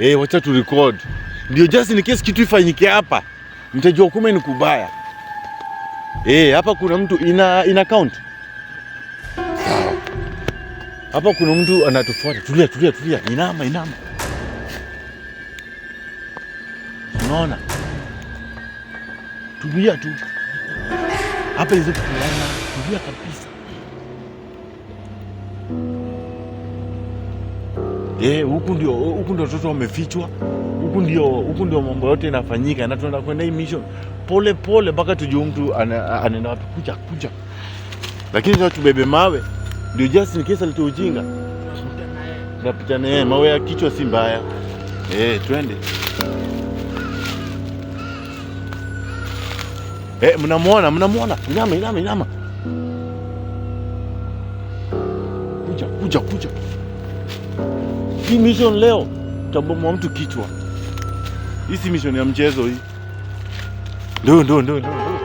Eh, wacha tu record. Ndio just in case kitu ifanyike hapa mtajua kume ni kubaya. Eh, hapa kuna mtu ina in account. Hapa kuna mtu anatufuata. Tulia, tulia, tulia. Inama, inama. Unaona? Tulia tu. Hapa hizo kuna. tulia kabisa. Eh, huku ndio huku ndio watoto wamefichwa, huku ndio huku ndio mambo yote yanafanyika, na tunaenda kwenda hii mission pole pole mpaka tujue mtu anaenda wapi. Kuja kuja, lakini sasa tubebe mawe ndio just in case alitoa ujinga, tunapita naye mawe ya kichwa si mbaya. Eh, twende. Eh, mnamuona mnamuona, inama inama inama, kuja kuja kuja hii mission leo tabomwa mtu kichwa. Hii si mission ya mchezo hii. Ndio, ndio, ndio, ndio. Anarudi.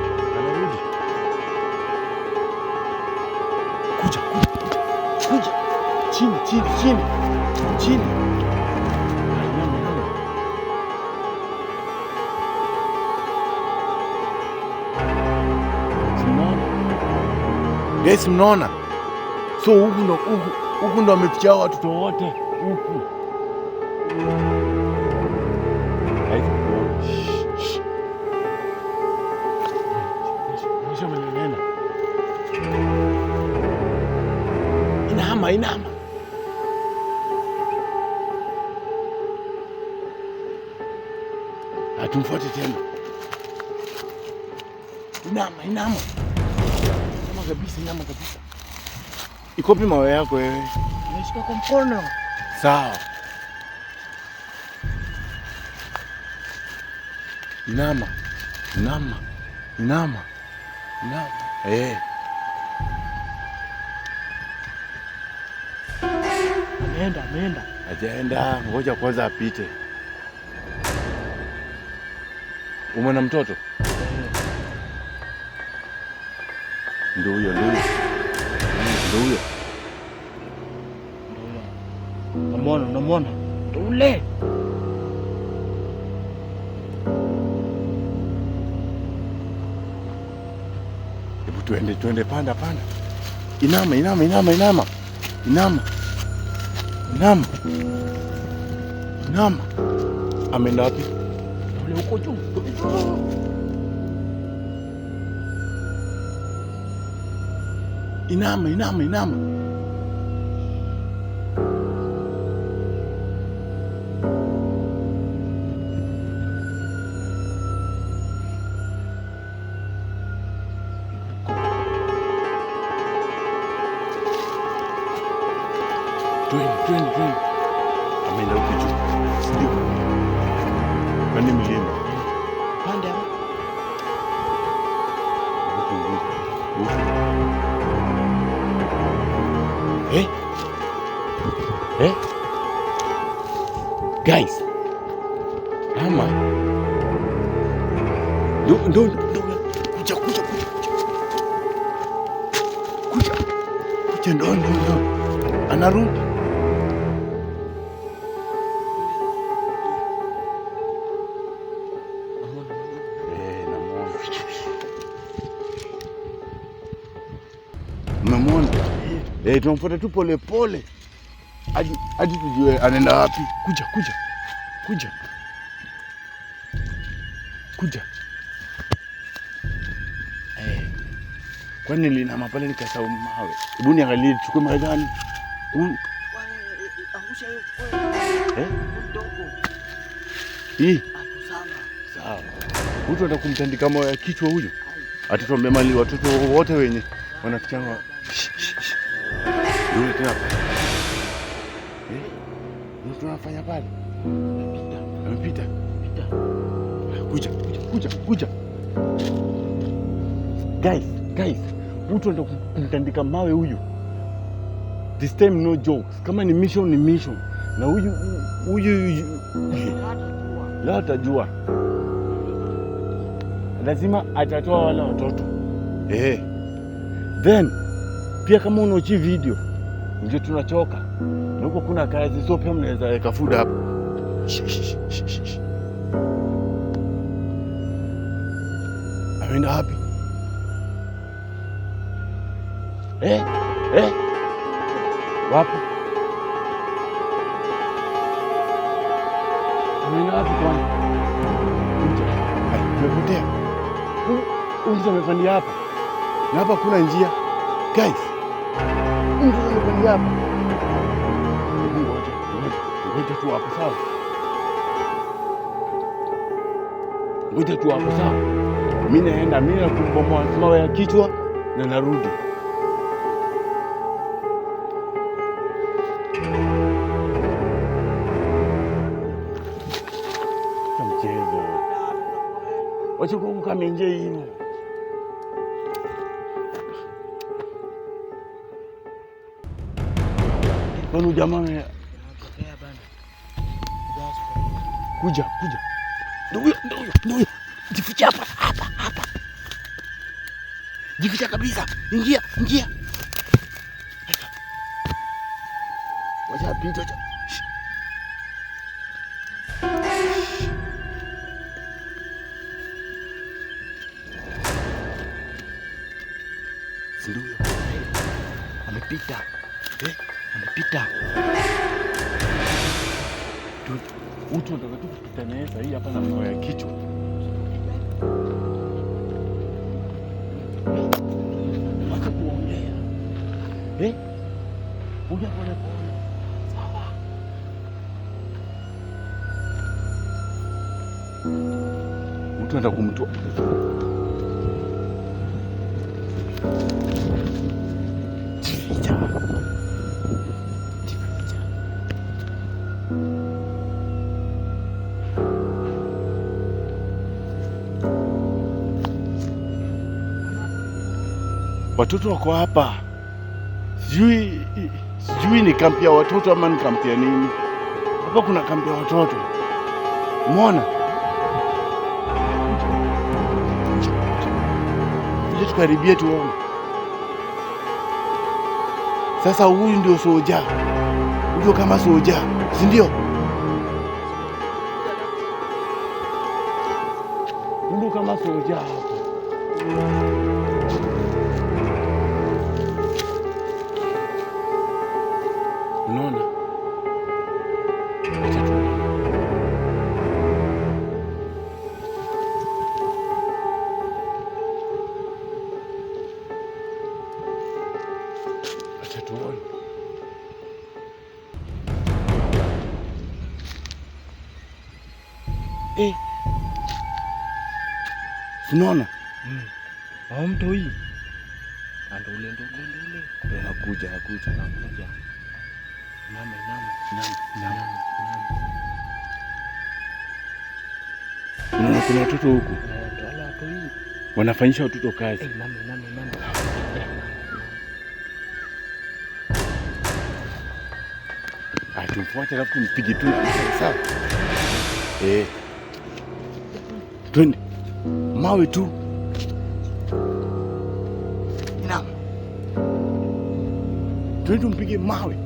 Kuja, kuja. Kuja. Chini, chini, chini. Chini. Guys, mnaona so huku ndo ameficha watoto wote upi? Inama, inama. Hatumfuate tena. Inama, inama. Inama kabisa, inama kabisa. Ikopi mawe yako wewe? kwa mkono. Sawa. Inama, inama, inama, inama. Eh. Ameenda, ameenda. Ajaenda, ngoja kwanza apite. na mtoto? Ndio eh. ndio huyo. Ndio huyo. Unamwona, unamwona ule Twende, twende, panda, panda, inama, inama, inama, inama, inama, inama, inama. Ameenda wapi? Ule uko juu. Inama, inama, inama. twende twende twende. Ameenda huko juu, sio nani milima pande Eh? Eh? Guys. Ama. Ndio ndio ndio. Kuja kuja kuja. Kuja. Kuja ndio ndio. Anarudi. Eh, tunamfuata tu pole pole hadi tujue anaenda wapi. Kuja, kuja, kuja, kuja. Eh, kwani linama pale nikasahau mawe. Hebu niangalie tuchukue mawe gani? Eh, eh. Sawa. Mtu atakumtandika mawe ya kichwa huyo. Atatuambia mali watoto wote wenye wanafichanga yule tena. Eh? Ndio tunafanya pale. Amepita. Kuja, kuja, kuja. Guys, guys, mtu ndo kumtandika mawe huyu. This time no jokes. Kama ni mission ni mission. Na huyu huyu leo atajua. Lazima atatoa wala watoto. Eh. Then pia kama unaochi video ndio tunachoka na huko kuna kazi sio, pia mnaweza weka hapa. Ameenda wapi eh? Eh? Wapi ameenda wapi? Mepotea, uliza amepandia hapa na hapa kuna njia guys Ngoja tu hapo sawa. Mimi naenda mimi na kumbomoa mawe ya kichwa na narudi. Mchezo. Wacha kukamenje hiyo. Yaani jamaa kuja kuja, ndio jificha hapa hapa hapa, jificha kabisa. Ingia ingia, wacha apite, wacha ndio amepita eh amepita utu nataka tu kupita naye sahii hapa na mao ya kichwa. Wacha kuongea eh? watoto wako hapa, sijui sijui ni kampi ya watoto ama ni kampi ya nini? Hapa kuna kampi ya watoto, umeona ili tukaribie tuone. Sasa huyu ndio soja, ndio kama soja, si ndio? Ndio kama soja kituoni. Eh. hey. Mm. Au mtu hii. Ando ule ndo ule ule. Ndio nakuja nakuja nakuja. Mama Kuna watoto huku. Eh, Wanafanyisha watoto kazi. Hey, eh, mama mama mama. tumfuate, alafu tumpige tu. Sawa eh, twende mawe tu. Naam, twende tumpige mawe.